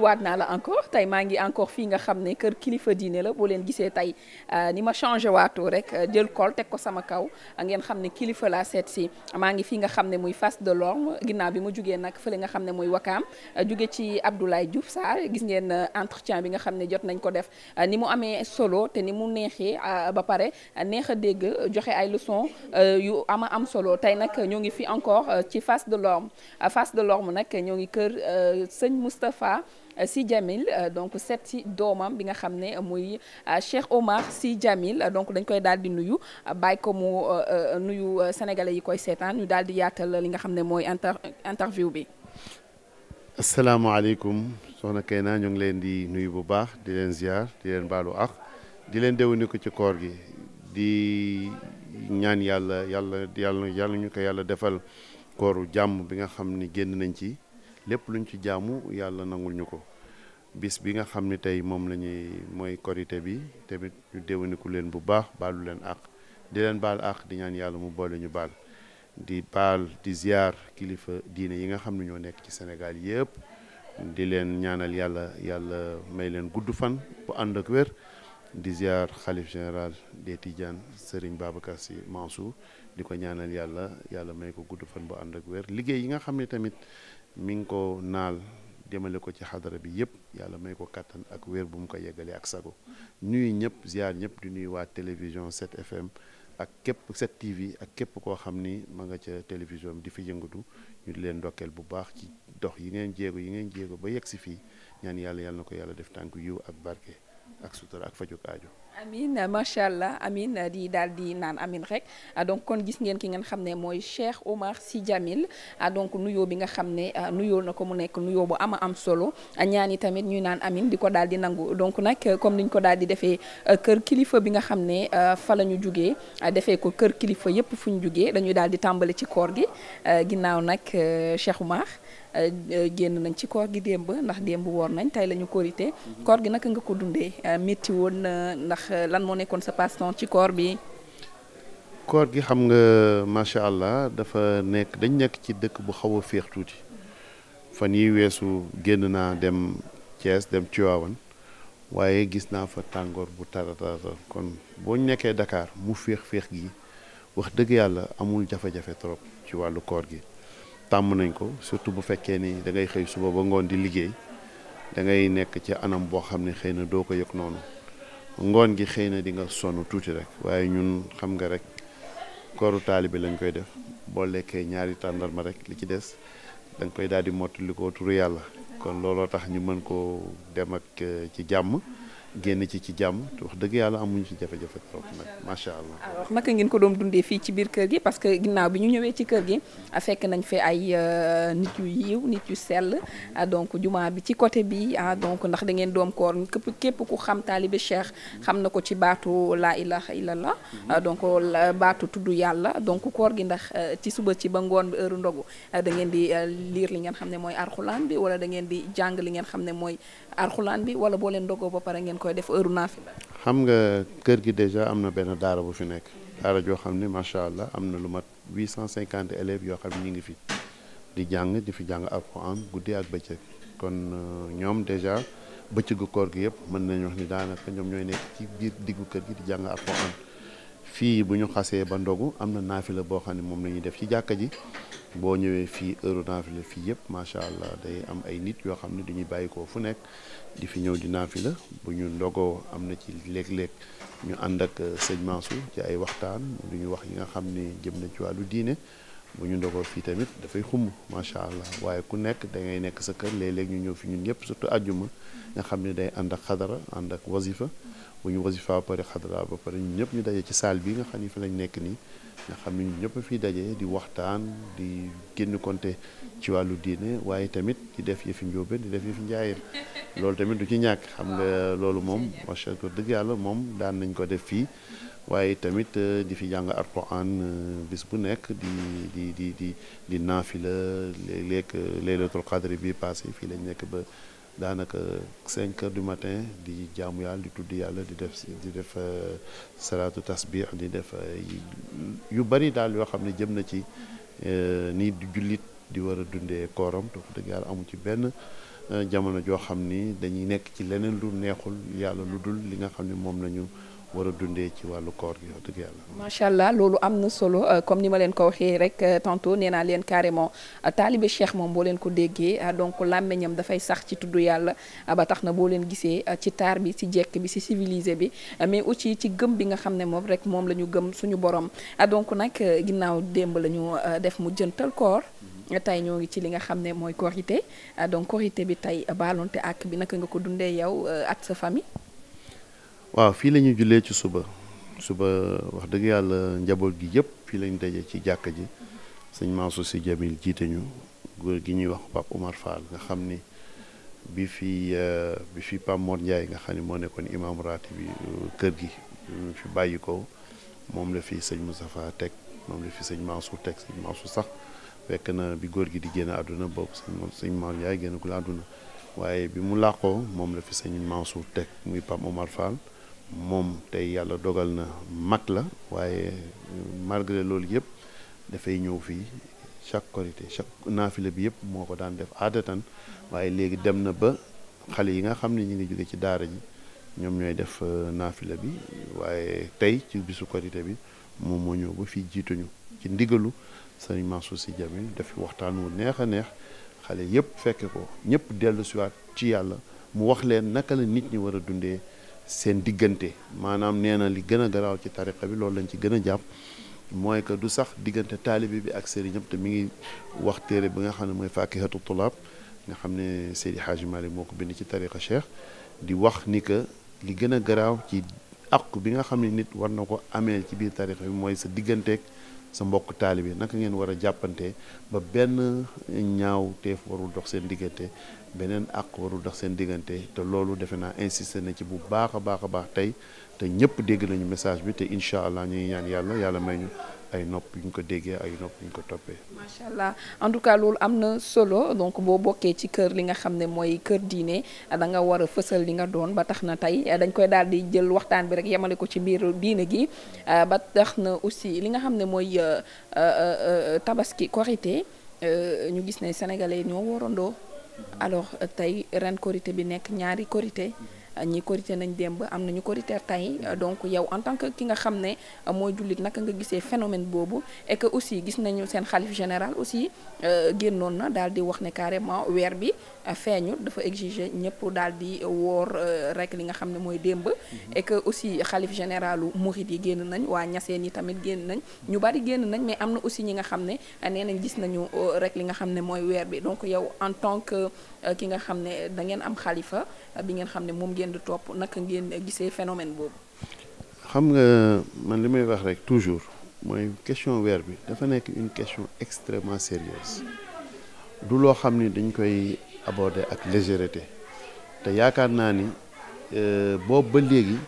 waat naa la encore tey maa ngi encore fii nga xam ne kër kilifa diine la boo leen gisee tey euh, ni ma changé waatoo rek euh, jël kol teg ko sama kaw ngeen xam ne kilifa la seet si maa ngi fii nga xam ne muy face de l'orme ginnaaw bi ma jugee nag fële nga xam ne muy wakaam euh, jugee ci Abdoulaye Diouf Sarr gis ngeen entretien bi nga xam ne jot nañ ko def ni mu amee solo te ni mu neexee ba pare neex a dégg joxe ay leçons yu ama am solo tey nag ñoo ngi fi encore ci face de l'orme face de l'orme nag ñoo ngi kër sëñ Moustapha Euh, si Djamil euh, donc seet si doomam bi nga xam ne muy euh, Cheikh Omar si Djamil donc dañ koy daal di nuyu bàyyi ko mu nuyu sénégalais yi koy seetaan ñu daal di yaatal li nga xam ne mooy inter interview bi. asalaamaaleykum soxna Keyna ñoo ngi leen di nuyu bu baax di leen ziar di leen baalu ak di leen déwénu ko ci koor gi di ñaan yàlla yàlla yàlla yàlla ñu ko yàlla defal kooru jàmm bi nga xam ni génn nañ ci. lépp lu luñ ci jaamu yàlla nangul ñu ko bis bi nga xam ni tey moom la mooy korité bi tamit ñu déwéniku leen bu baax baalu leen àq di leen baal àq di ñaan yàlla mu boole ñu baal di baal di ziar kilifa diine yi nga xam ne ñoo nekk ci senegal yëpp di leen ñaanal yàlla yàlla may leen gudd fan bu ànd ak wér di ziar xalif général de Tidianes Serigne Babacar Sy Mansour di ko ñaanal yàlla yàlla may ko gudd fan bu ànd ak wér liggéey yi nga xam ne tamit mi ngi ko naal jëmale ko ci xadara bi yëpp yàlla may ko kàttan ak wéer bu mu ko yeggalee ak sago nuyu ñëpp ziar ñëpp di nuyu waa télévision 7 FM ak képp 7 TV ak képp koo xam ni ma nga ca télévision bi di fi yëngatu ñu di leen ndokkeel bu baax ci dox yi ngeen jéego yi ngeen jéego ba yegg si fii ñan yàlla yàlla na ko yàlla def tànk yiw ak barke ak sutura ak fajug aajo amin macha allah amin di daal di naan amin rek ah, donc kon gis ngeen ki ngeen xam ne mooy Cheikh Omar si Djamil ah, donc nuyoo bi nga xam ne ah, nuyoo na ko mu nekk nuyoo bu ama am solo ñaan yi tamit ñuy naan amin di ko daal di nangu donc nag comme ni ñu ko daal di defee kër kilifa bi nga xam ne fa la ñu jugee defee ko kër kilifa yépp fu ñu jugee dañuy daal di tàmbali ci koor gi ginnaaw nag Cheikh Omar Euh, euh, génn nañ ci koor gi démb ndax démb woor nañ tey lañu ñu korite mhm. koor gi naka nga ko dundee euh, métti woon na ndax lan moo nekkoon sa passe ci koor bi koor gi xam nga macha allah dafa nekk dañ nekk ci dëkk bu xaw a féex tuuti fan yi weesu génn naa dem Thiès dem ci Tivaouane waaye gis naa fa tàngoor bu tara tara kon boo nekkee dakaar mu féex féex gi wax dëgg yàlla amul jafe-jafe trop ci wàllu koor gi tàmm nañ ko surtout bu fekkee ni da xëy suba ba ngoon di liggéey da ngay nekk ci anam boo xam ne xëy na doo ko yëg noonu ngoon gi xëy na dinga sonn tuuti rek waaye ñun xam nga rek kooru taalibe lañ koy def boo lekkee ñaari tàndarma rek li ci des da koy daal di mottali ko turu yàlla kon looloo tax ñu mën koo dem ak eh, ci jàmm génn ci ci jàmm wax dëgg yàlla amuñu ci jafe-jafe trop nag macha allah. alors naka ngeen ko doon dundee fii ci biir kër gi parce que ginnaaw bi ñu ñëwee ci kër gi fekk nañ fi ay euh, nit yu yiw nit yu sell ah, donc juma bi ci côté bi ah donc ndax da ngeen doom koor képp képp ku xam taalibe Cheikh xam na ko ci baatu laa ilaha illallah ah, donc baatu tudd yàlla donc koor gi ndax euh, ci suba ci ba ngoon bi heure ndogu ah, da ngeen di euh, liir li ngeen xam ne mooy arxulaan bi wala da ngeen di jàng li ngeen xam ne mooy. arxulaan bi wala boo leen dogoo ba pare ngeen koy def heure naafila xam nga kër gi déjà am na benn daara bu fi nekk daara joo xam ne macha allah am na lu mat huit cent cinquante élèves yoo xam ne ñu ngi fi di jàng di fi jàng alxuraan guddi ak bëccëg kon euh, ñoom déjà bëccëgu koor gi yëpp mën nañu wax ni daanaka ñoom ñooy nekk ci biir diggu kër gi di jàng alxuraan fii bu ñu xasee ba ndogu am na naafila boo xam ne moom la def ci jàkka ji boo ñëwee fii heure naafila fii yëpp macha allah day am ay nit yoo xam ne dañuy bàyyi ko fu nekk di fi ñëw di la bu ñu ndogoo am na ci léeg-léeg ñu ànd ak euh, sëñ Mansour ci ay waxtaan lu ñu wax yi nga xam ne jëm na ci wàllu diine. bu ñu ndogoor fii tamit dafay xumb macha allah waaye ku nekk da ngay nekk sa kër lee léeg ñu ñëw fii ñun ñëpp surtout àjjuma nga xam ne day ànd ak xadara ànd ak wasifa bu ñu wasifa ba pare xadara ba pare ñun ñëpp ñu daje ci saal bi nga xam ne fi lañ nekk nii nga xam ne ñëpp fiy daje di waxtaan di génn konte ci wàllu diine waaye tamit di def yëfi njóobeen di def yëfi njaayeen loolu tamit du ci ñàkk xam nga loolu moom macha allah dëgg yàlla moom daan nañ ko def fii waaye tamit euh, di fi jàng alquran euh, bis bu nekk di di di di di naafila léeg-léeg euh, laylatul qadri bi passé fii lañ nekk ba daanaka cinq heures du matin di jaamu yàlla di tudd yàlla di def si di def salaatu tasbih di def yu bari daal yoo xam ne jëm na ci ni di jullit di war a dundee kooram te dëgg yàlla amu ci benn jamono joo xam ni dañuy nekk ci leneen lu neexul yàlla lu dul li nga xam ne moom nañu war a dundee ci wàllu koor gi wax dëgg yàlla. macha allah loolu am na solo euh, comme ni ma leen ko waxee rek euh, tantôt nee naa leen carrément euh, taalibe cheikh moom boo leen ko déggee donc làmmeñam dafay sax ci tudd yàlla ba tax na boo leen gisee ci taar bi ci jekk bi ci civilisé bi mais aussi ci gëm bi nga xam ne moom rek moom la ñu gëm suñu borom donc nag ginnaaw démb la ñu def mu jëntal koor. Mm-hmm. tey ñoo ngi ci li nga xam ne mooy korité donc korité bi tey baalonte ak bi naka nga ko dundee yow ak sa famille. waaw fii lañuy ñuy jullee ci suba suba wax dëgg yàlla njaboot gi yëpp fii lañ daje ci jàkk ji sëñ Mansour Sy Djamil jiite ñu góor gi ñuy wax Pape Oumar Fall nga xam ni bi fi euh, bi fi Pape Mor Ndiaye nga xam ni moo nekkoon imam raati bi euh, kër gi fi bàyyi ko moom la fi sëñ Moustapha teg moom la fi sëñ Mansour teg sëñ Mansour sax fekk na bi góor gi di génn àdduna boobu sëñ sëñ Mor Ndiaye génnagul àdduna waaye bi mu làqoo moom la fi sëñ Mansour teg muy Pape Oumar Fall moom tey yàlla dogal na mag la waaye malgré loolu yëpp dafay ñëw fii chaque korité chaque naafila bi yëpp moo ko daan def aadatan waaye léegi dem na ba xale yi nga xam ne ñu ngi jóge ci daara ji ñoom ñooy def euh, naafila bi waaye tey ci bisu korité bi moom moo ñëw ba fii jiituñu ci ndigalu sëriñ Mansour Sy Djamil daf waxtaan wu neex a neex xale yëpp fekke ko ñëpp dellu siwaat ci yàlla mu wax leen naka la nit ñi war a dundee seen diggante maanaam nee na li gën a garaaw ci tariqa bi loolu lañ ci gën a jàpp mooy que du sax diggante taalibe bi ak ñëpp te mi ngi wax téere bi nga xam ne mooy fakihatu tulaab nga xam ne Seydi Hadji Malick moo ko bind ci tariqa cheikh di wax ni que li gën a garaaw ci àqu bi nga xam ne nit war na ko amee ci biir tariqa bi mooy sa digganteeg sa mbokk taalibe naka ngeen war a jàppante ba benn ñaaw teef warul dox seen diggante beneen àq warul dox seen diggante te loolu defe naa insister na ci bu baax a baax a baax tey te ñëpp dégg nañu message bi te incha allah ñuy ngi ñaan yàlla yàlla may ñu ay nopp yu ñu ko déggee ay nopp yu ñu ko toppee. macha allah en tout cas loolu am na solo donc boo bokkee ci kër li nga xam ne mooy kër diine danga nga war a fësal li nga doon ba tax na tey dañ koy daal di jël waxtaan bi rek yemale ko ci biir diine gi euh, ba tax na aussi li nga xam ne mooy euh, euh, tabaski korité ñu gis ne sénégalais ñoo warandoo. alors euh, tey ren korité bi nekk ñaari korité ñi korité nañ démb am nañu korité tey donc yow en tant que ki nga xam ne mooy jullit naka nga gisee phénomène boobu et que aussi gis nañu seen xalif général aussi euh, génnoon na daal di wax ne carrément weer bi euh, feeñu dafa exiger ñëpp daal di woor euh, rek li nga xam ne mooy démb mm-hmm. et que aussi xalif généralu murid yi génn nañ waa ñaseen yi tamit génn nañ ñu bari génn nañ mais am na aussi ñi nga xam ne nee nañ gis nañu rek li nga xam ne mooy weer bi donc yow en tant Euh, ki nga xam ne da ngeen am xalifa euh, bi ngeen xam ne moom ngeen di topp naka ngeen gisee phénomène boobu. xam nga man li may wax rek toujours mooy question weer bi dafa nekk une question extrêmement sérieuse du loo xam ni dañ koy aborder ak légèreté te yaakaar naa ni euh, boobu ba léegi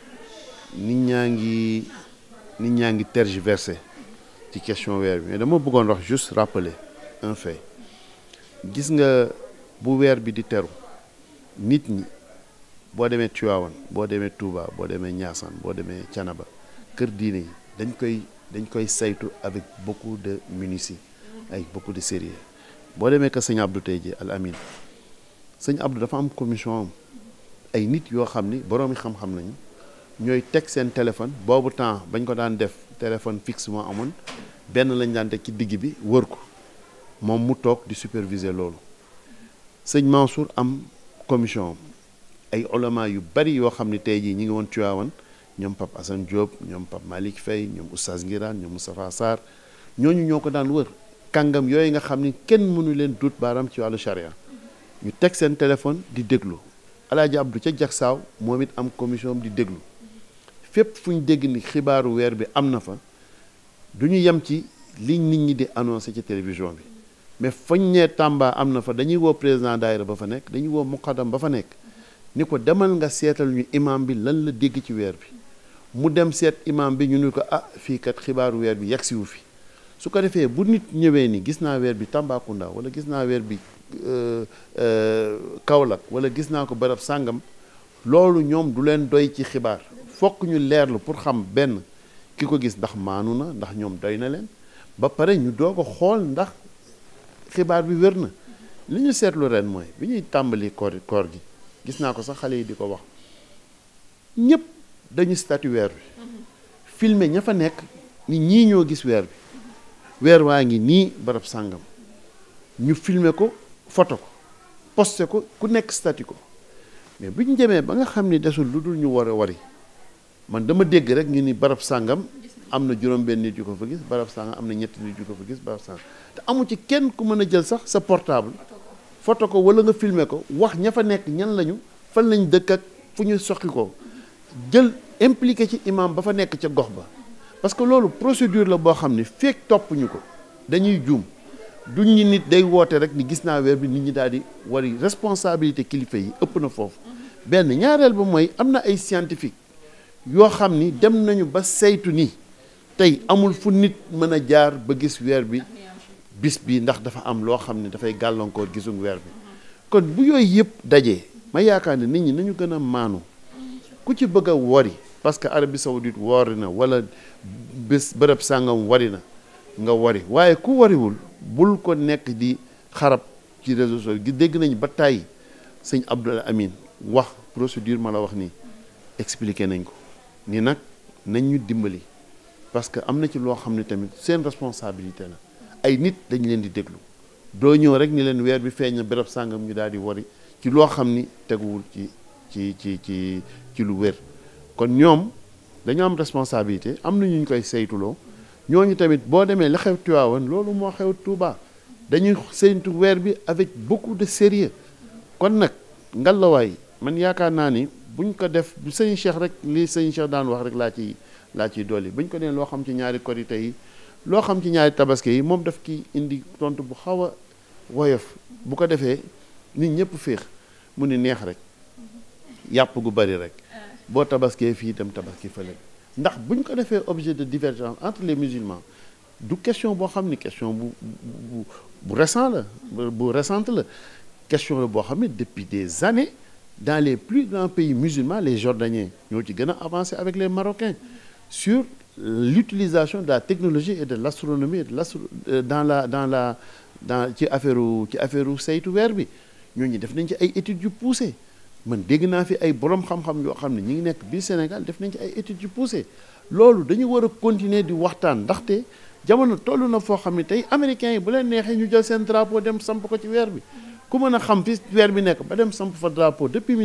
nit ñaa ngi nit ñaa ngi tergiversé ci question weer bi mais dama bëggoon wax juste rappeler un fait gis nga. bu weer bi di teru nit ñi boo demee Tivaouane boo demee Touba boo demee Niassane boo demee Thiénaba kër diine yi dañ koy dañ koy saytu avec beaucoup de minutie ay beaucoup de sérieux boo demee que sëñ Abdou tey ji al amin sëñ Abdou dafa am commission am ay nit yoo xam ni boroomi xam-xam lañu ñooy teg seen téléphone boobu temps bañ ko daan def téléphone fixe moo amoon benn lañ daan teg ci digg bi wër ko moom mu toog di superviser loolu sëñ Mansour am commission ay olama yu bari yoo xam ne tey jii ñi ngi woon Tiwaawan ñoom Pape Assane Diop ñoom Pape Malick Faye ñoom Oustaz Ngiraan ñoom Moustapha Sarr ñooñu ñoo ko daan wër kàngam yooyu nga xam ni kenn mënu leen duut baaraam ci wàllu charia ñu teg seen téléphone di déglu Alaaji Abdou ca saaw moom it am commission di déglu fépp fu ñu ni xibaaru weer bi am na fa duñu ñu ci li nit ñi di annoncé ci télévision bi mais fañ ne Tamba am na fa dañuy woo président daayira ba fa nekk dañuy woo muqaddam ba fa nekk ni ko demal nga seetal ñu imam bi lan la dégg ci weer bi mu dem seet imam bi ñu ni ko ah fii kat xibaaru weer bi yegg siwu fi su ko defee bu nit ñëwee ni gis naa weer bi Tambacounda wala gis naa weer bi euh, euh, Kaolack wala gis naa ko barab sàngam loolu ñoom du leen doy ci xibaar fokk ñu leerlu pour xam benn ki ko gis ndax maanu na ndax ñoom doy na leen ba pare ñu doog a xool ndax xibaar bi wér na li ñu seetlu ren mooy bi ñuy tàmbali koor koor gi gis naa ko sax xale yi di ko wax ñëpp dañu statut weer bi filmer ña fa nekk ni ñii ñoo gis weer bi weer waa ngi nii barab sàngam ñu filme ko photo ko posté ko ku nekk statut ko mais bu ñu demee ba nga xam ni desul lu dul ñu war a wari man dama dégg rek ñu ni barab sàngam am na juróom-benn nit yu ko fa gis barab am na ñett nit yu ko fa gis barab sànga te amu ci kenn ku mën a jël sax sa portable photo ko wala nga filmer ko wax ña fa nekk ñan lañu fan lañ dëkk ak fu ñu soqi ko jël impliqué ci imam ba fa nekk ca gox ba parce que loolu procédure la boo xam ni fekk toppuñu ko dañuy juum duñ ñi nit day woote rek ni gis naa weer bi nit ñi daal di wari responsabilité kilifa yi ëpp na foofu mhm. benn ñaareel ba mooy am na ay scientifique yoo xam ni dem nañu ba saytu nii tey amul fu nit mën a jaar ba gis weer bi bis bi ndax dafa am loo xam ne dafay gàllankoor gisum weer bi kon bu yooyu yëpp dajee ma yaakaar ne nit ñi nañu gën a maanu ku ci bëgg a wori parce que Arabie Saoudite woori na wala bés bërëb sàngam wari na nga wari waaye ku wariwul bul ko nekk di xarab ci réseaux sociaux gi dégg nañu ba tàyyi sëñ Abdoul Amine wax procédure ma la wax nii expliqué nañ ko ni nag nañ ñu dimbali parce que am na ci loo xam ne tamit seen responsabilité la ay nit dañ leen di déglu doo ñëw rek ni leen weer bi feeñ na béréb sàngam ñu daal di wari ci loo xam ni teguwul ci ci ci ci ci lu wér kon ñoom dañu am responsabilité am na ñu koy saytuloo ñooñu tamit boo demee li xew Tiwaawan loolu moo xew Touba dañuy saytu weer bi avec beaucoup de sérieux kon nag ngalawaay man yaakaar naa ni buñ ko def bu sëñ Cheikh rek li sëñ Cheikh daan wax rek laa ci laa ciy dolli buñ ko neen loo xam ci ñaari korite yi loo xam ci ñaari tabaski yi moom def ki indi tontu bu xaw a woyof bu ko defee nit ñëpp féex mu ni neex rek yàpp gu bari rek boo tabaskee fii dem tabaski fële ndax buñ ko defee objet de divergence entre les musulmans du question boo xam ni question bu bu bu récent la bu récente la question la boo xam ne depuis des années dans les plus grands pays musulmans les jordaniens ñoo ci gën a avancé avec les marocains sur l'utilisation de la technologie et de l'astronomie et de l'astro euh, dans la dans la dans ci affaireu ci affaireu saytu weer bi ñooñu def nañ ci ay études yu poussées man dégg naa fi ay borom xam-xam yoo xam ne ñu ngi nekk biir Sénégal def nañ ci ay études yu poussées loolu dañu war a continuer di waxtaan ndaxte jamono toll na foo xam ni tey américains yi bu leen neexee ñu jël seen drapeau dem samp ko ci weer bi ku mën a xam fi weer bi nekk ba dem samp fa drapeau depuis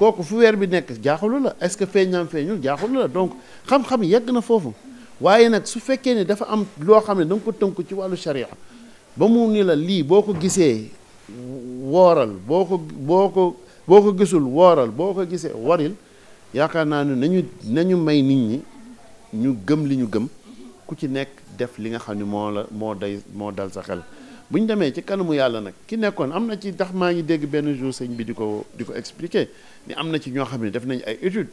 kooku fu weer bi nekk jaaxalu la est-ce que feeñam feeñul jaaxalu la donc xam-xam yegg na foofu waaye nag su fekkee ni dafa am loo xam ne da ko tënk ci wàllu sharia ba mu ni la lii boo ko gisee wooral boo ko boo ko boo ko gisul wooral boo ko gisee waril yaakaar naa ne nañu nañu may nit ñi ñu gëm li ñu gëm ku ci nekk def li nga xam ne moo la moo day moo dal sa xel bu ñu demee ci kanamu yàlla nag ki nekkoon am na ci tax maa ngi dégg benn jour sëñ bi di ko di ko expliquer ni am na ci ñoo xam ne def nañu ay étude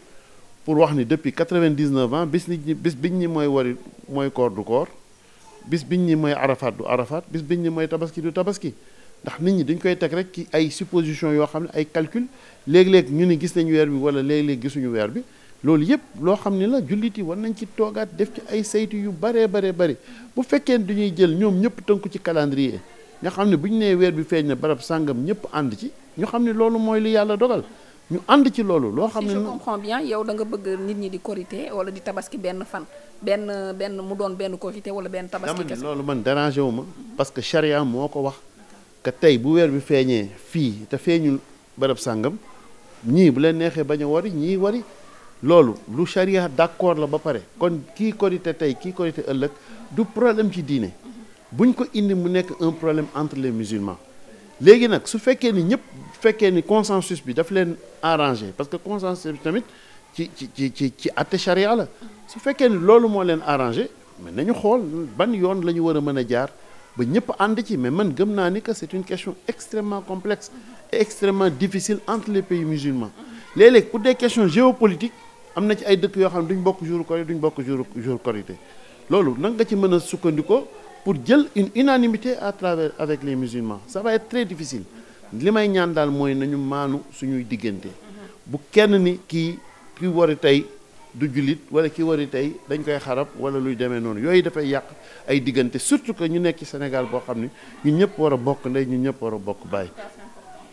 pour wax ni depuis quatre-vingt-dix-neuf ans bis nit ñi bis biñ ñi mooy wari mooy koor du koor bis biñ ñi mooy arafaat du arafaat bis biñ ñi mooy tabaski du tabaski ndax nit ñi dañ koy teg rek ki ay supposition yoo xam ne ay calcul léeg-léeg ñu ni gis nañ weer bi wala léeg-léeg gisuñu weer bi loolu yëpp loo xam ni la jullit yi war nañ ci toogaat def ci ay saytu yu baree baree bëri bu fekkee duñuy jël ñoom ñëpp tënku ci calendrier nga xam ne bu ñu nee weer bi feeñ na barab sàngam ñëpp ànd ci ñu xam ne loolu mooy li yàlla dogal ñu ànd ci loolu loo xam ne je comprends yow da nga bëgg nit ñi di korité wala di tabaski benn fan benn benn mu doon benn korité wala benn tabaski kese loolu man dérangé wu ma parce que charia moo ko wax que tey bu weer bi feeñee fii te feeñul barab sàngam ñii bu leen neexee bañ a wari ñii wari loolu lu charia d'accord la ba pare kon kii korité tey kii korité ëllëg du problème ci diine buñ ko indi mu nekk un problème entre les musulmans léegi nag su fekkee ni ñëpp fekkee ni consensus bi daf leen arrangé parce que consensus bi tamit ci ci ci ci ci atte la su fekkee ni loolu moo leen arrangé mais nañu xool ban yoon la ñu war a mën a jaar ba ñëpp ànd ci mais man gëm naa ni que c'est une question extrêmement complexe et extrêmement difficile entre les pays musulmans léeg-léeg pour des questions géopolitiques am na ci ay dëkk yoo xam ne duñ bokk jour korité duñ bokk jour jour korité loolu nag nga ci mën a sukkandikoo pour jël une unanimité à travers avec les musulmans ça va être très difficile li may ñaan daal mooy nañu maanu suñuy diggante bu kenn ni kii ki wari tey du jullit wala ki wari tey dañ koy xarab wala luy demee noonu yooyu dafay yàq ay diggante surtout que ñu nekk ci Sénégal boo xam ne ñu ñëpp war a bokk ndey ñu ñëpp war a bokk baay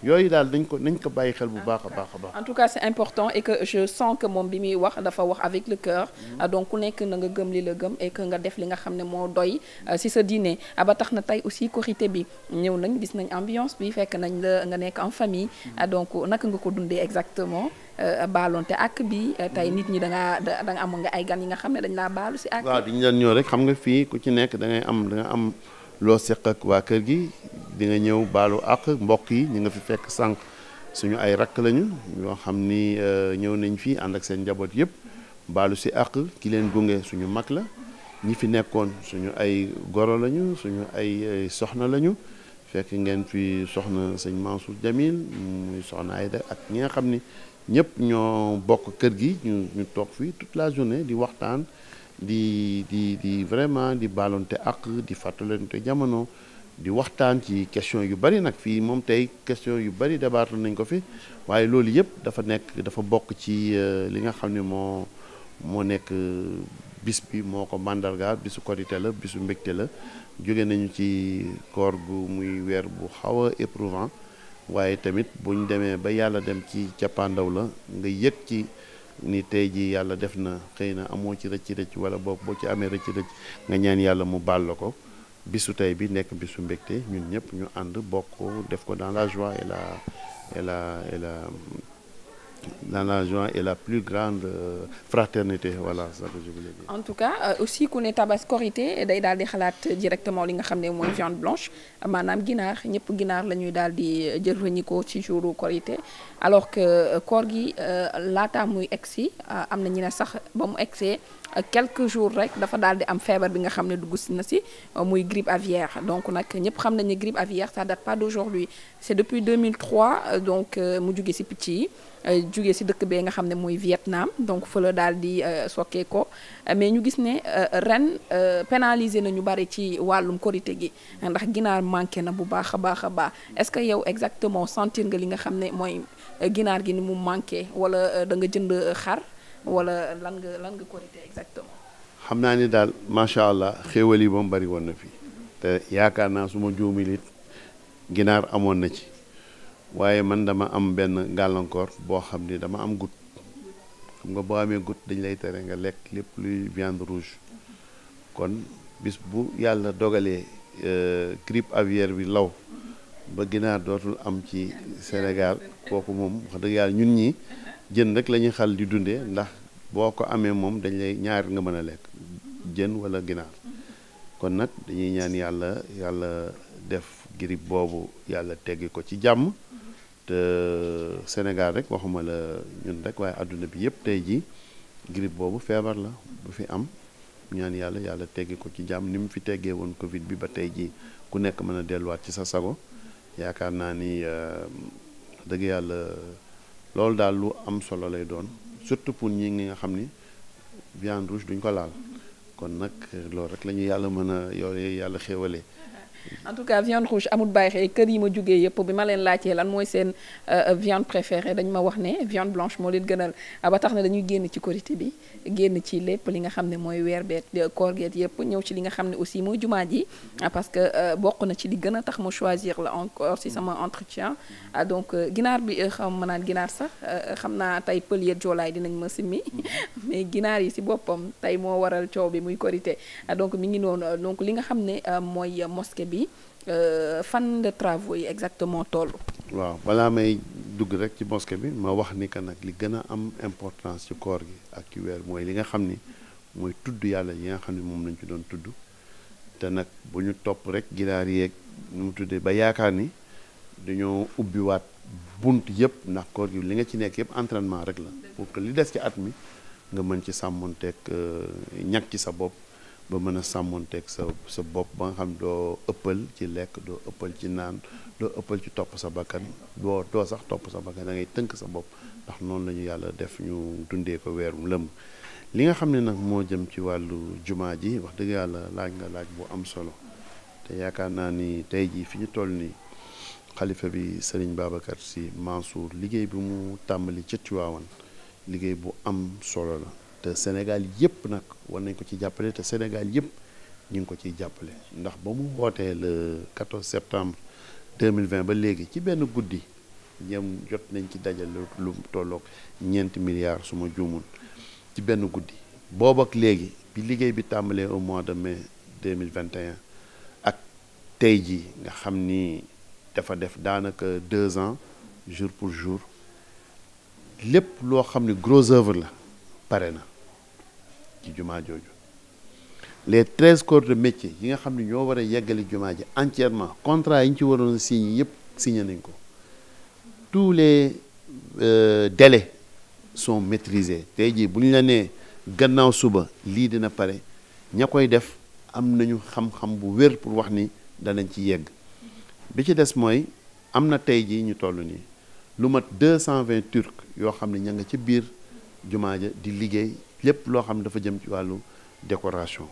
yooyu daal dañ ko nañ ko bàyyi xel bu baax a baax a baax. en tout cas c'est important et que je sens que moom bi muy wax dafa wax avec le cœur mm-hmm. ah, donc ku nekk na nga gëm li la gëm et que nga def li nga xam ne moo doy euh, si sa dine ah, ba tax na tey aussi korité bi ñëw nañ gis nañ ambiance bi fekk nañ la nga nekk en famille mm-hmm. ah, donc naka nga ko dundee exactement euh, baaloonte ak bi euh, tey mm-hmm. nit ñi da ngaa da nga amoon nga ay gan yi nga xam ne dañ laa baalu si ak waaw diñu daan ñëw rek xam nga fii ku ci nekk da ngay am da nga am loo seq ak waa kër gi di ñëw baalu àq mbokk yi ñu nga fi fekk sànq suñu ay rakk lañu ñoo xam ni euh, ñëw nañ fii ànd ak seen njaboot yëpp baalu si àq ki leen gunge suñu mag la ñi fi nekkoon suñu ay goro lañu suñu ay soxna lañu fekk ngeen fi soxna sëñ Mansour Jamil muy soxna Ayda ak ñi nga xam ni ñëpp ñoo bokk kër gi ñu ñu toog fii toute la journée di waxtaan di di di vraiment di baalonte ak di fàttalante jamono di waxtaan ci question yu bari nag fii moom tey question yu bari débattre nañ ko fi waaye loolu yëpp dafa nekk dafa bokk ci euh, li nga xam ne moo moo nekk euh, bis bi moo ko màndargaal bisu korite la bisu mbégte la jóge nañu ci koor gu muy weer bu xaw a éprouvant waaye tamit bu demee ba yàlla dem ci cappaandaw la nga yëg ci ni tey jii yàlla def na xëy na amoo ci rëcc rëcc wala boo boo ci amee rëcc rëcc nga ñaan yàlla mu baal la ko bisu tey bi nekk bisu mbégte ñun ñëpp ñu ànd bokk def ko dans la join et la et la et la dans et la plus grande euh, fraternité voilà ça que je voulais dire. en tout cas euh, aussi ku ne Tabaski-Korité day daal di xalaat directement li nga xam ne mooy viande blanche maanaam ginaar ñëpp ginaar la ñuy daal di euh, jël ko ci jouru Korité alors que euh, koor gi euh, laataa muy egsi euh, am na ñu ne sax ba mu egsee quelque jours rek dafa daal di am feebar bi nga xam ne dugg si na si muy grippe aviaire donc nag ñëpp xam nañu ne grippe aviaire ça date pas d'aujourd'hui c'est depuis 2003 donc mu jugee si picc yi jugee si dëkk bee nga xam ne mooy Vietnam donc fa la daal di sokkee ko mais ñu gis ne ren pénaliser na ñu bari ci wàllum korite gi ndax ginaar manqué na bu baax a baax a baax est-ce que yow exactement sentir nga li nga xam ne mooy Euh, ginaar gi ni mu manqué wala euh, da nga jënd euh, xar wala lan nga lan nga korité exactement. xam naa ni daal macha allah xéewal yi ba bari woon na fii te yaakaar naa su ma juumilit ginaar amoon na ci waaye man dama am benn gàllankoor boo xam ni dama am gut xam nga boo amee gut dañ lay tere nga lekk lépp luy viande rouge kon bis bu yàlla dogalee grippe aviaire bi law ba ginaar dootul am ci Sénégal kooku moom wax dëgg yàlla ñun ñi jën rek la xal di dundee ndax boo ko amee moom dañ lay ñaar nga mën a lekk jën wala ginaar kon nag dañuy ñaan yàlla yàlla def girib boobu yàlla teggi ko ci jàmm te Sénégal rek waxuma la ñun rek waaye àdduna bi yëpp tey jii girib boobu feebar la bu fi am ñaan yàlla yàlla teggi ko ci jàmm ni mu fi teggee woon Covid bi ba tey jii ku nekk mën a delluwaat ci sa sago yaakaar naa ni euh, dëgg yàlla loolu daal lu am solo lay doon surtout pour ñi nga xam ni bien rouge duñ ko laal kon nag loolu rek la ñu yàlla mën a yooyu yàlla xéewale en tout cas viande rouge amul bàyyi xel kër yi ma jugee yëpp bi ma leen laajtee lan mooy seen euh, euh, viande préférée dañ ma wax ne viande blanche moo leen gënal ah, ba tax na dañuy génn ci korité bi génn ci lépp li nga xam ne mooy weer beet euh, koor geet yëpp ñëw ci li nga xam ne aussi mooy jumaa ji ah, parce que bokk na ci li gën a tax ma choisir la encore si sama entretien ah, donc ginaar bi xam ma naan ginaar sax xam naa tey pël yet joolaay dinañ ma simmi mais ginaar yi si boppam tey moo waral coow bi muy korité donc mi ngi noonu donc li nga xam ne mooy mosquée bi bi euh, fan de travaux yi exactement toll. waaw balaa may dugg rek ci mosquée bi ma wax ni que nag li gën a am importance ci koor gi ak ci weer mooy li nga xam ni mooy tudd yàlla yi nga xam ni moom lañ ci doon tudd te nag bu ñu topp rek ginaar yeeg nu mu tuddee ba yaakaar ni dañoo ubbiwaat bunt yëpp ndax koor gi li nga ci nekk yëpp entraînement rek la pour que li des ci at mi nga mën ci sàmmoon sàmmonteeg euh, ñag ci sa bopp. ba mën a sàmmonteeg sa sa bopp ba nga xam doo ëppal ci lekk doo ëppal ci naan doo ëppal ci topp sa bakkan doo doo sax topp sa bakkan da ngay tënk sa bopp ndax noonu la yàlla def ñu dundee ko weeru lëm li nga xam ne nag moo jëm ci wàllu jumaa ji wax dëgg yàlla laaj nga laaj bu am solo te yaakaar naa ni tey jii fi ñu toll nii xalifa bi sëriñ Babacar Sy Mansour liggéey bi mu tàmbali ca Tiwaawan liggéey bu am solo la te Sénégal yëpp nag war nañ ko ci jàppale te Sénégal yëpp ñu ngi ko ciy jàppale ndax ba mu wootee le 14 septembre 2020 ba léegi ci benn guddi ñoom jot nañ ci dajale lu ñeenti milliards su ma juumul ci benn guddi boobu ak léegi bi liggéey bi tàmbalee au mois de mai 2021 ak tey ji nga xam ni dafa def daanaka deux ans jour pour jour lépp loo xam ni gros œuvre la pare na ci jumaa jooju les treize corps de métier yi nga xam ne ñoo war a yeggali jumaa ji entièrement contrat yi ñu ci waroon signé yëpp signé nañ ko tous les euh, son sont tey jii bu ñu la nee gannaaw suba lii dina pare ña koy def am nañu xam-xam bu wér pour wax ni danañ ci yegg bi ci des mooy am na tey jii ñu toll nii lu mat deux cent vingt yoo xam ne ña nga ci biir jumaa ja di liggéey lépp loo xam dafa jëm ci wàllu décoration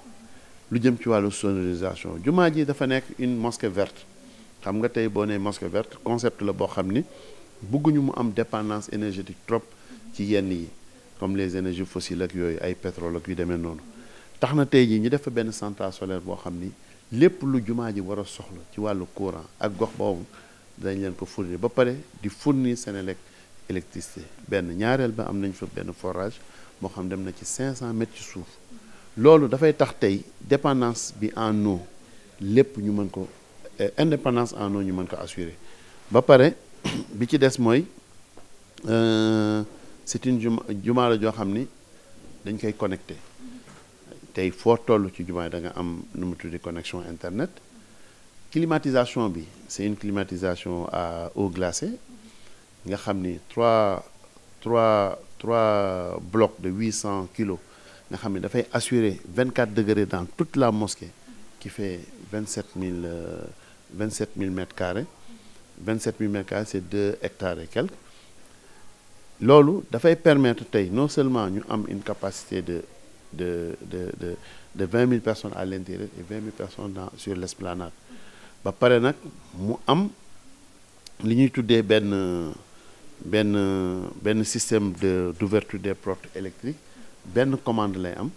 lu jëm ci wàllu sonorisation jumaa ji dafa nekk une mosquée verte xam nga tey boo nee mosquée verte concept la boo xam ni bëgguñu mu am dépendance énergétique trop ci yenn yi comme les énergies fossiles ak yooyu ay pétrole ak yu demee noonu tax na tey jii ñu def fa benn centrale solaire boo xam ni lépp lu jumaa ji war a soxla ci wàllu courant ak gox boobu dañ leen ko fournir ba pare di fournir Senelec électricité benn ñaareel ba am nañ fa benn forage boo xam dem na ci 500 mètres ci suuf loolu dafay tax tey dépendance bi en eau lépp ñu mën ko euh, indépendance en eau ñu mën ko assurer ba pare bi ci des mooy euh, c'est une juma jumaa joo xam ni dañ koy connecté tey foo toll ci jumaa da nga am nu mu tuddee connexion internet climatisation bi c'est une climatisation à eau glacée nga xam ni trois trois trois blocs de huit cent kilos nga xam ne dafay assurer vingt quatre degrés dans tout la mosquée qui fait vingt sept mille euh, vingt sept mille mètres carrés vingt sept mille mètres carrés c'est deux hectares et loolu dafay permettre tey non seulement ñu am une capacité de de de de de vingt mille personnes à l'intérieur et vingt mille personnes dans sur l'esplanade ba pare nag mu am li ñuy tuddee benn benn benn système de d'ouverture des portes électriques benn commande lay am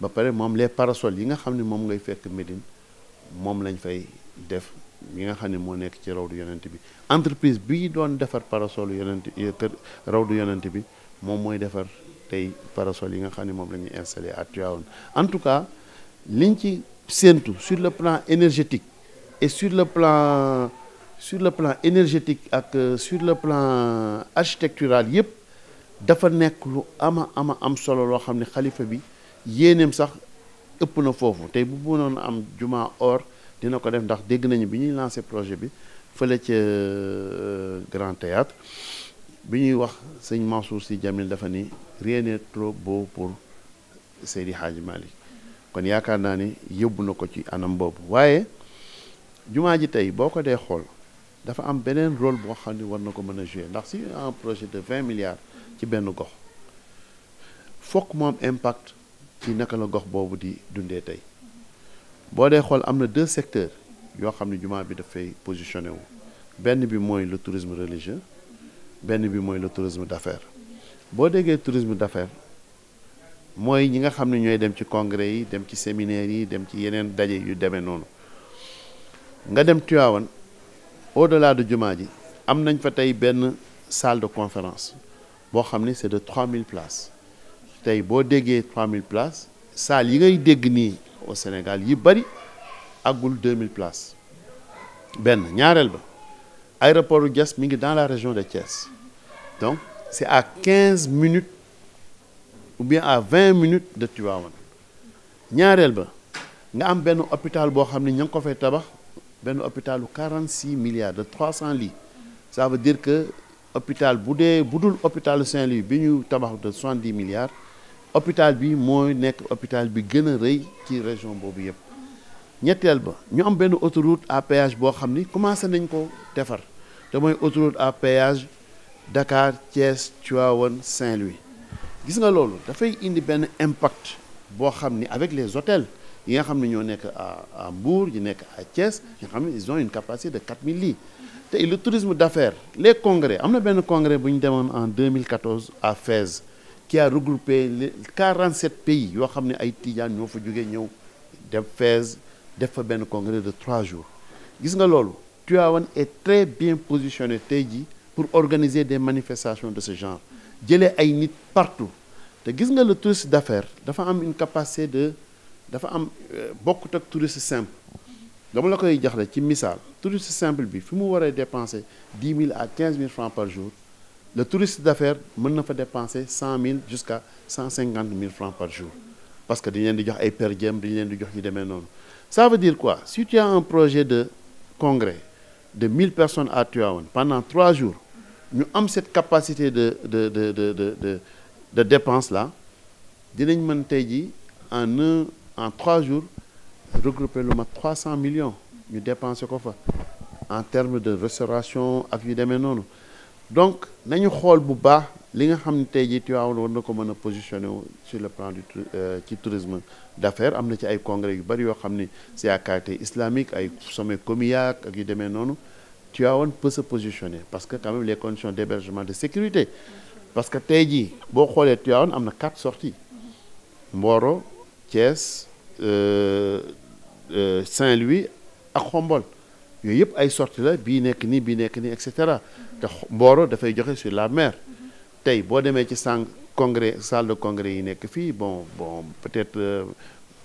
ba pare moom les parasols yi nga xam ne moom ngay fekk Médine moom lañ fay def yi nga xam ne moo nekk ci rawdu yonent bi entreprise bi doon defar parasol yonent kër rawdu bi moom mooy defar tey parasol yi nga xam ne moom la ñuy installé à Tivaouane en tout cas liñ ci séentu sur le plan énergétique et sur le plan sur le plan énergétique ak euh, sur le plan euh, architectural yëpp dafa nekk lu ama ama am solo loo xam ne xalifa bi yéeneem sax ëpp na foofu tey bu mënoon am juma or dina ko def ndax dégg nañu bi ñuy lancé projet bi fële ca euh, Grand Théâtre bi ñuy wax sëñ Mansour si Djamil dafa ni rien n'est trop beau pour Seydi Hadji Malick kon yaakaar naa ni yóbbu na ko ci anam boobu waaye jumaa ji tey boo ko dee xool dafa am beneen rôle boo xam ne war na ko mën a jouer ndax si un projet de vingt milliards ci benn gox fokk moom impact ci naka la gox boobu di dundee tey boo dee xool am na deux secteurs yoo xam ne jumaa bi dafay positionné wu benn bi mooy le tourisme religieux benn bi mooy le tourisme d'affaires boo déggee tourisme d'affaires mooy ñi nga xam ne ñooy dem ci congrès yi dem ci séminaires yi dem ci yeneen daje yu demee noonu nga dem Tivaouane au la de jumaa ji am nañ fa tey benn salle de conférence boo xam ne c'est de mille place tey boo déggee mille places salle yi ngay dégg nii au Sénégal yi bari àggul mille place benn ñaareel ba aéroport u mi ngi dans la région de Thiès donc c'est à quinze minutes ou bien à 20 minutes de Tivaouane ñaareel ba nga am benn hôpital boo xam ne ña ngi ko fay tabax benn hôpital quarante 46 milliards de 300 lits ça veut dire que hôpital bu dee bu dul hôpital Saint-Louis bi ñu tabax de dix milliards hôpital bi mooy nekk hôpital bi gën a rëy ci région boobu yëpp. ñetteel ba ñu am benn autoroute à péage boo xam ni commencé nañ ko defar te mooy autoroute à péage Dakar Thiès Tivaouane Saint-Louis gis nga loolu dafay indi benn impact boo xam ni avec les hôtels. yi nga xam ne ñoo nekk a à Mbour ñu nekk à Thiès nga xam ne ils ont une capacité de 4000 lits te le tourisme d'affaires les congrès am na benn congrès bu ñu demoon en 2014 à Fès qui a regroupé les 47 pays yoo xam ne ay tijaan ñoo fa jógee ñëw def Fès def fa benn congrès de trois jours gis nga loolu Tivaouane est très bien positionné tey jii pour organiser des manifestations de ce genre jëlee ay nit partout te gis nga le tourisme d'affaires dafa am une de dafa am euh, bokkut ak touriste simple dama la koy jaxle ci misaal touriste simple bi fi mu waree dépenser dix mille à quinze mille francs par jour le touriste d'affaires mën na fa dépenser cent mille jusqu'à cent cinquante mille francs par jour parce que dañ leen di jox ay per diem dañ leen di jox ñu demee noonu ça veut dire quoi si tu as projet de congrès de mille personnes à Tivaouane pendant trois jours ñu am cette capacité de de de de de de dépense la dinañ man tey ji en en trois jours regrouper lu mat trois cent millions ñu dépensé ko fa en termes de restauration ak yu demee noonu donc nañu xool bu baax li nga xam ne tey jii Tivaouane war na ko mën a positionné wu sur le plan du euh, ci tourisme d'affaires am na ci ay congrès yu bari yoo xam ni c'est à caractère islamique ay sommet COMIAC ak yu demee noonu Tivaouane peut se positionner parce que quand même les conditions d'hébergement de sécurité parce que tey jii boo xoolee Tivaouane am na quatre sorties Mboro Thiès euh, euh, Saint-Louis ak Xombol yooyu yëpp ay sortie la bi nekk nii bi nekk nii et cetera te Mboro dafay joxe sur la mer tey boo demee ci sànq congrès salle de congrès yi nekk fii bon bon peut-être euh,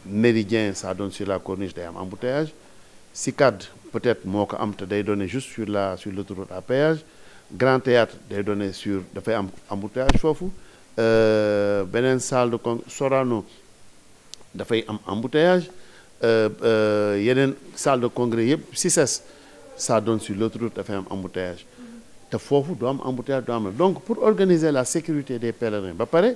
méridien ça donne sur la corniche day am embouteillage CICAD peut-être moo ko am te day donner juste sur la sur l'autoroute à péage Grand Théâtre day donner sur dafay am embouteillage foofu beneen salle de con Sorano dafay am embouteillage euh, euh, yeneen salle de congrès yëpp si ses ça donne sur l'autoroute dafay am embouteillage te foofu doo am embouteillage doo am donc pour organiser la sécurité des pèlerins ba pare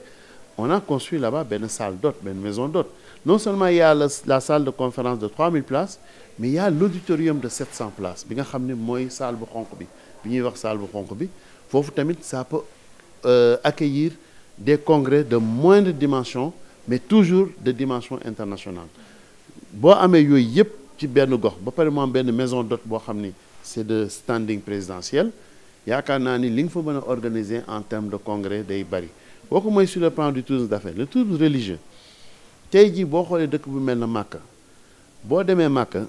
on a construit là benn salle d'hôte benn maison d'hôte non seulement il y a la, la salle de conférence de 3000 places mais il y a l'auditorium de 700 places bi nga xam ne mooy salle bu xonq bi bu ñuy wax salle bu xonq bi foofu tamit ça peut euh, accueillir des congrès de moindre mais toujours de dimension internationale boo amee yooyu yëpp ci benn gox ba pare mu benn maison d'hôte boo xam ni c'est de standing présidentiel yaakaar naa ni li nga fa mën a organiser en terme de congrès day bari boo ko mooy sur le plan du tourisme d'affaires le tourisme religieux tey jii boo xoolee dëkk bu mel na Makka boo demee Makka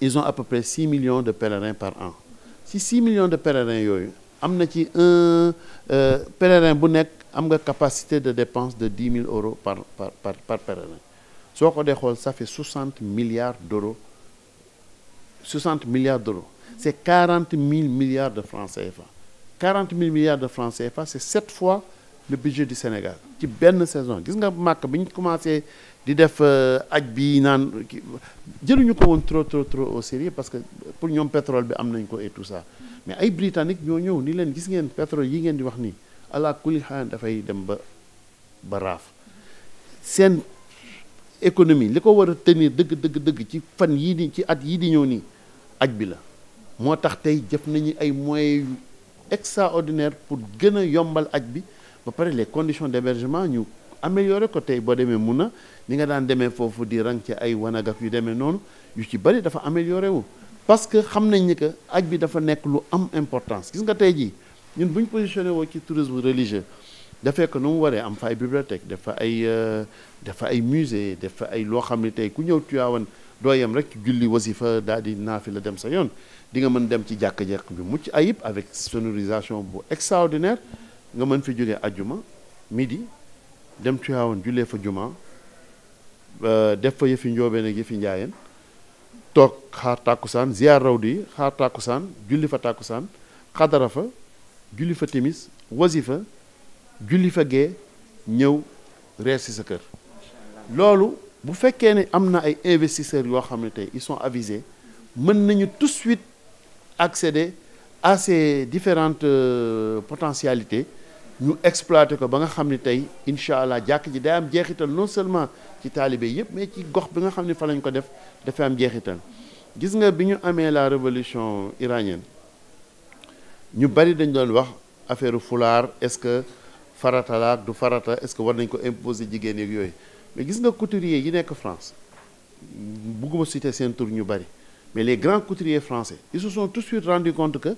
ils ont à peu près six de pèlerins par an si six millions de pèlerins yooyu am na ci un euh, pèlerin bu nekk am nga capacité de dépense de dix mille euros par par par par pèlerin soo ko dee xool ça fait soixante milliards d'euros soixante milliards d'euros c'est quarante mille milliards de francs CFA quarante mille milliards de francs CFA c'est sept fois le budget du Sénégal ci benn saison gis nga màkk bi ñu commencé di def euh, aj bi naan jëluñu ko woon trop trop trop au sérieux parce que pour ñoom pétrole bi am nañ ko et tout ça mais ay britannique ñoo ñëw ni leen gis ngeen pétrole yi ngeen di wax nii ala kulli xaan dafay dem ba ba raaf seen économie li ko war a tenir dëgg dëgg dëgg ci fan yii di ci at yii di ñëw nii aj bi la moo tax tey jëf nañu ay moyens yu extraordinaire pour gën a yombal aj bi ba pare les conditions d'hébergement ñu amélioré ko tey boo demee mun na ni nga daan demee foofu di rang ci ay wanag yu demee noonu yu ci bëri dafa amélioré wu parce que xam nañ ni que aj bi dafa nekk lu am importance gis nga tey jii ñun buñ ñu positionné woo ci tourisme religieux dafee ko nu mu waree am fa ay bibliothèque dafa ay euh, dafa ay musée dafa ay loo xam ne tey ku ñëw Tiwaawan doo yem rek julli wasifa daal di naafi la dem sa yoon di nga mën dem ci jàkk-jàkk bi mucc ayib avec sonorisation bu extraordinaire nga mën fi jógee ajuma midi dem Tiwaawan jullee fa juma euh, def fa yëfi njoobeen ak yëfi njaayeen toog xaar tàkkusaan ziar raw di xaar tàkkusaan julli fa tàkkusaan xadara fa julli fa timis wasifa julli fa gee ñëw reer si sa kër loolu bu fekkee ne am na ay investisseurs yoo xam ne tey ils sont mën nañu tout de suite accéder à ces différentes euh, potentialités ñu exploité ko ba nga xam ne tey incha allah jàkk ji day am jeexital non seulement ci taalibe yëpp mais ci gox bi nga xam ne fa lañ ko def dafa am jeexital gis nga bi ñu amee la révolution iranienne ñu bari dañ doon wax affaire fulaar est-ce que farata la du farata est-ce que war nañ ko imposer jigéen yeeg yooyu mais gis nga couturier yi nekk France bugguma citer seen tur ñu bari mais les grands couturiers français ils se sont tout de suite rendu compte que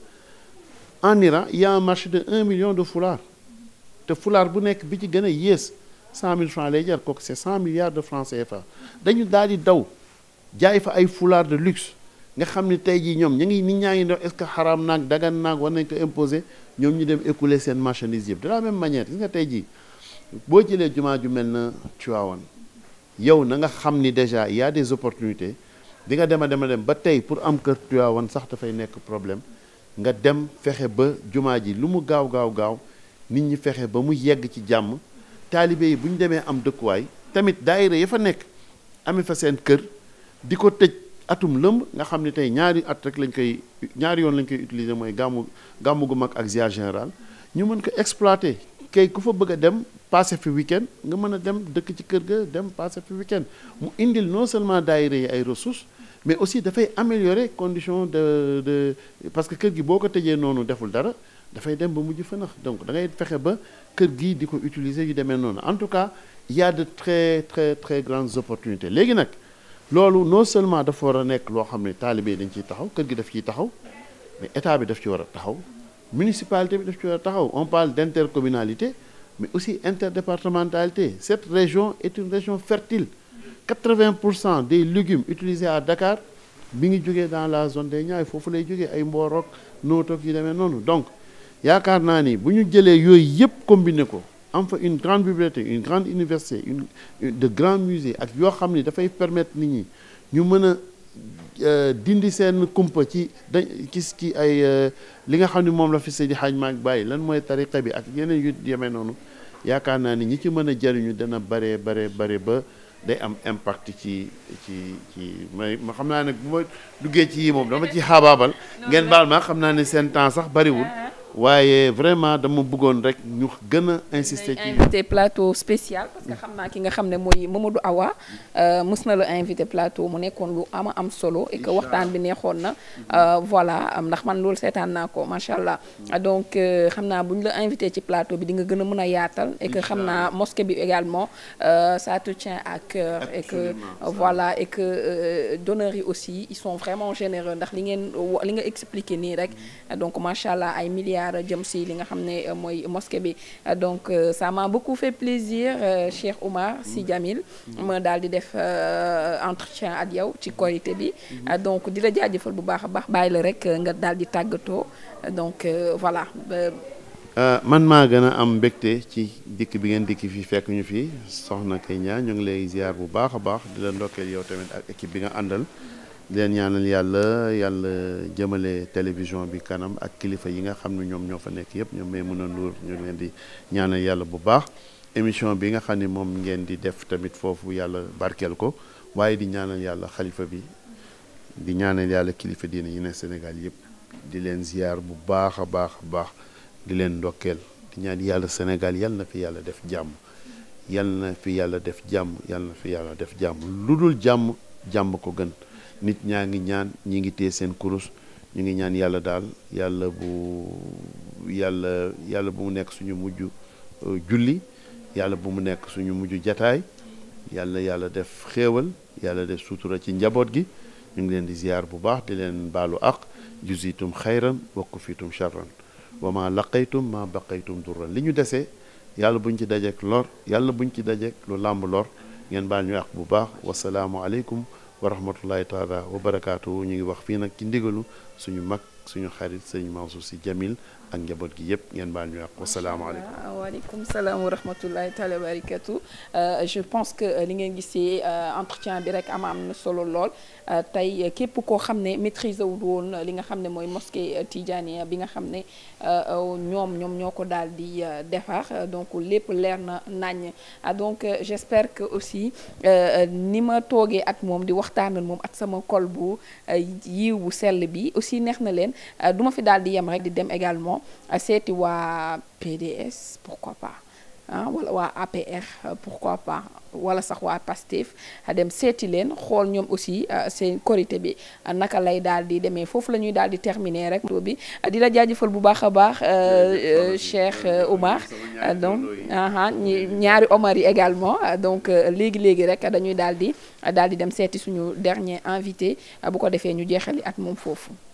en Iran marché de 1 de foulards te fulaar bu nekk bi ci gën a yées cent mille francs lay jar kooku c'est cent milliards de francs CFA dañu daal di daw jaay fa ay fulaar de luxe nga xam ne tey jii ñoom ñu ngi nit ñaa ngi doon est-ce que xaraam naag dagan naag war nañ ko imposer ñoom ñu dem écouler seen marchandise yëpp de la même manière gis nga tey jii boo jëlee jumaa ju mel na Tivaouane yow na nga xam ni déjà y des opportunités di nga dem a dem a dem ba tey pour am kër Tivaouane sax dafay nekk problème nga dem fexe ba jumaa ji lu mu gaaw gaaw gaaw nit ñi fexe ba mu yegg ci jàmm taalibe yi bu ñu demee am dëkkuwaay tamit daayira yi fa nekk ame fa seen kër di ko tëj atum lëmb nga xam ne tey ñaari at rek lañ koy ñaari yoon lañ koy utiliser mooy gàmmu gàmmu gu mag ak ziar général ñu mën ko exploiter kay ku fa bëgg a dem passé fi weekend nga mën a dem dëkk ci kër ga dem passé fi weekend mu indil non seulement daayira yi ay ressources mais aussi dafay améliorer condition de de parce que kër gi boo ko tëjee noonu deful dara dafay dem ba mujj fënax donc dangay ngay fexe ba kër gii di ko utiliser yu demee noonu en tout cas il y a de très très très grandes léegi nag loolu non seulement dafa war a nekk loo xam ne taalibe dañ ciy taxaw kër gi def ci taxaw mais état bi daf ci war a taxaw municipalité bi def ci war a taxaw on parle d'intercommunalité mais aussi interdépartementalité cette région est une région fertile 80 pour cent des légumes utilisés à Dakar bi ngi jógee dans la zone des Niayes foofu lay jógee ay Mboroog Nootoog yu demee noonu donc yaakaar naa ni bu ñu jëlee yooyu yëpp combiné ko am fa une grande bibliothèque une grande université une de grands musées ak yoo xam ni dafay permettre nit ñi ñu mën a euh, dindi seen kumpa ci dañ gis ci ay euh, li nga xam ne moom la fi Seydi Hadj Maag bàyyi lan mooy tariqa bi ak yeneen yu yemee noonu yaakaar naa ni ñi ci mën a jëriñu dana bare bare bare ba day am impact ci ci ci may ma xam naa ne bu ma duggee ci yii moom dama ci xaabaabal ngeen baal ma xam naa ne seen temps sax bariwul ah, ah. waaye vraiment dama buggoon rek ñu gën a insister invité plateau spécial parce que xam naa ki nga xam ne mooy Mamadou Awa euh, mës na la invité plateau mu nekkoon lu am am solo et que waxtaan bi neexoon na euh, voilà ndax man loolu seetaan naa ko macha allah mm. donc euh, xam naa bu ñu la invité ci plateau bi di nga gën a mën a yaatal e que xam naa mosquée bi également ça te tient à cœur e que voilà et que donneurs yi aussi ils sont vraiment généreux ndax li ngeen li nga expliqué nii rek mm. donc macha allah ay milliards Dakar jëm si li nga xam ne euh, mooy mosquée bi donc euh, ça m'a beaucoup fait plaisir euh, Cheikh Oumar Sy mm-hmm. Djamil mm-hmm. ma daal di def entretien ak yow ci korité bi mm-hmm. donc di la jaajëfal bu baax a baax bàyyi la rek nga daal di tàggatoo donc voilà man maa gën a am mbégte ci dikk bi ngeen dikk fii fekk ñu fii soxna Kenya ñoo ngi lay ziar bu baax a baax di la ndokkeel yow tamit ak équipe bi nga àndal leen ñaanal yàlla yàlla jëmale télévision bi kanam ak kilifa yi nga xam ni ñoom ñoo fa nekk yëpp ñoom may mun a nuur ñu leen di ñaanal yàlla bu baax émission bi nga xam ne moom ngeen di def tamit foofu yàlla barkeel ko waaye di ñaanal yàlla xalifa bi di ñaanal yàlla kilifa diine yi ne Sénégal yëpp di leen ziar bu baax a baax a baax di leen ndokkeel di ñaan yàlla Sénégal yàlla na fi yàlla def jàmm yàlla na fi yàlla def jàmm yàlla na fi yàlla def jàmm lu dul jàmm jàmm ko gën nit ñaa ngi ñaan ñi ngi téye seen kurus ñu ngi ñaan yàlla daal yàlla bu yàlla yàlla bu mu nekk suñu mujj euh, julli yàlla bu mu nekk suñu mujj jataay yàlla yàlla def xéewal yàlla def sutura ci njaboot gi ñu ngi leen di ziyaar bu baax di leen baalu aq jusitum xayran wakku fiitum charran wa ma laqaytum ma baqaytum durran li ñu desee yàlla buñ ci dajeek lor yàlla buñ ci dajeek lu làmb lor ngeen baal ñu àq bu baax wasalaamu aleykum wa rahmatullahi taala wa barakaatu ñu ngi wax fii nag ci ndigalu suñu mag suñu xarit sëñ Mansour Sy Djamil ak njaboot gi yëpp ngeen baal ñu wax wasalaamaaleykum waaleykum salaam wa rahmatullahi taala barakatu euh, je pense que euh, li ngeen gisee euh, entretien bi rek am am na solo lool tey képp koo xam ne maîtrise wul woon li nga xam ne mooy mosquée Tidiane bi nga xam ne ñoom ñoom ñoo ko daal di defar donc lépp leer na nañ donc j'espère que aussi ni ma toogee ak moom di waxtaanal moom ak sama kol bu yiw sell bi aussi neex na leen duma fi daal di yem rek di dem également non seeti waa PDS pourquoi pas ah wala waa APR pourquoi pas wala sax waa Pastef dem seeti leen xool ñoom aussi euh, seen korité bi naka lay daal di demee foofu la ñuy daal di terminer rek bi di jaajëfal bu baax a baax euh, euh, Cheikh Oumar donc aha ñaari omari également donc léegi léegi rek dañuy daal di daal di dem seeti suñu dernier invité bu ko defee ñu jeexali ak moom foofu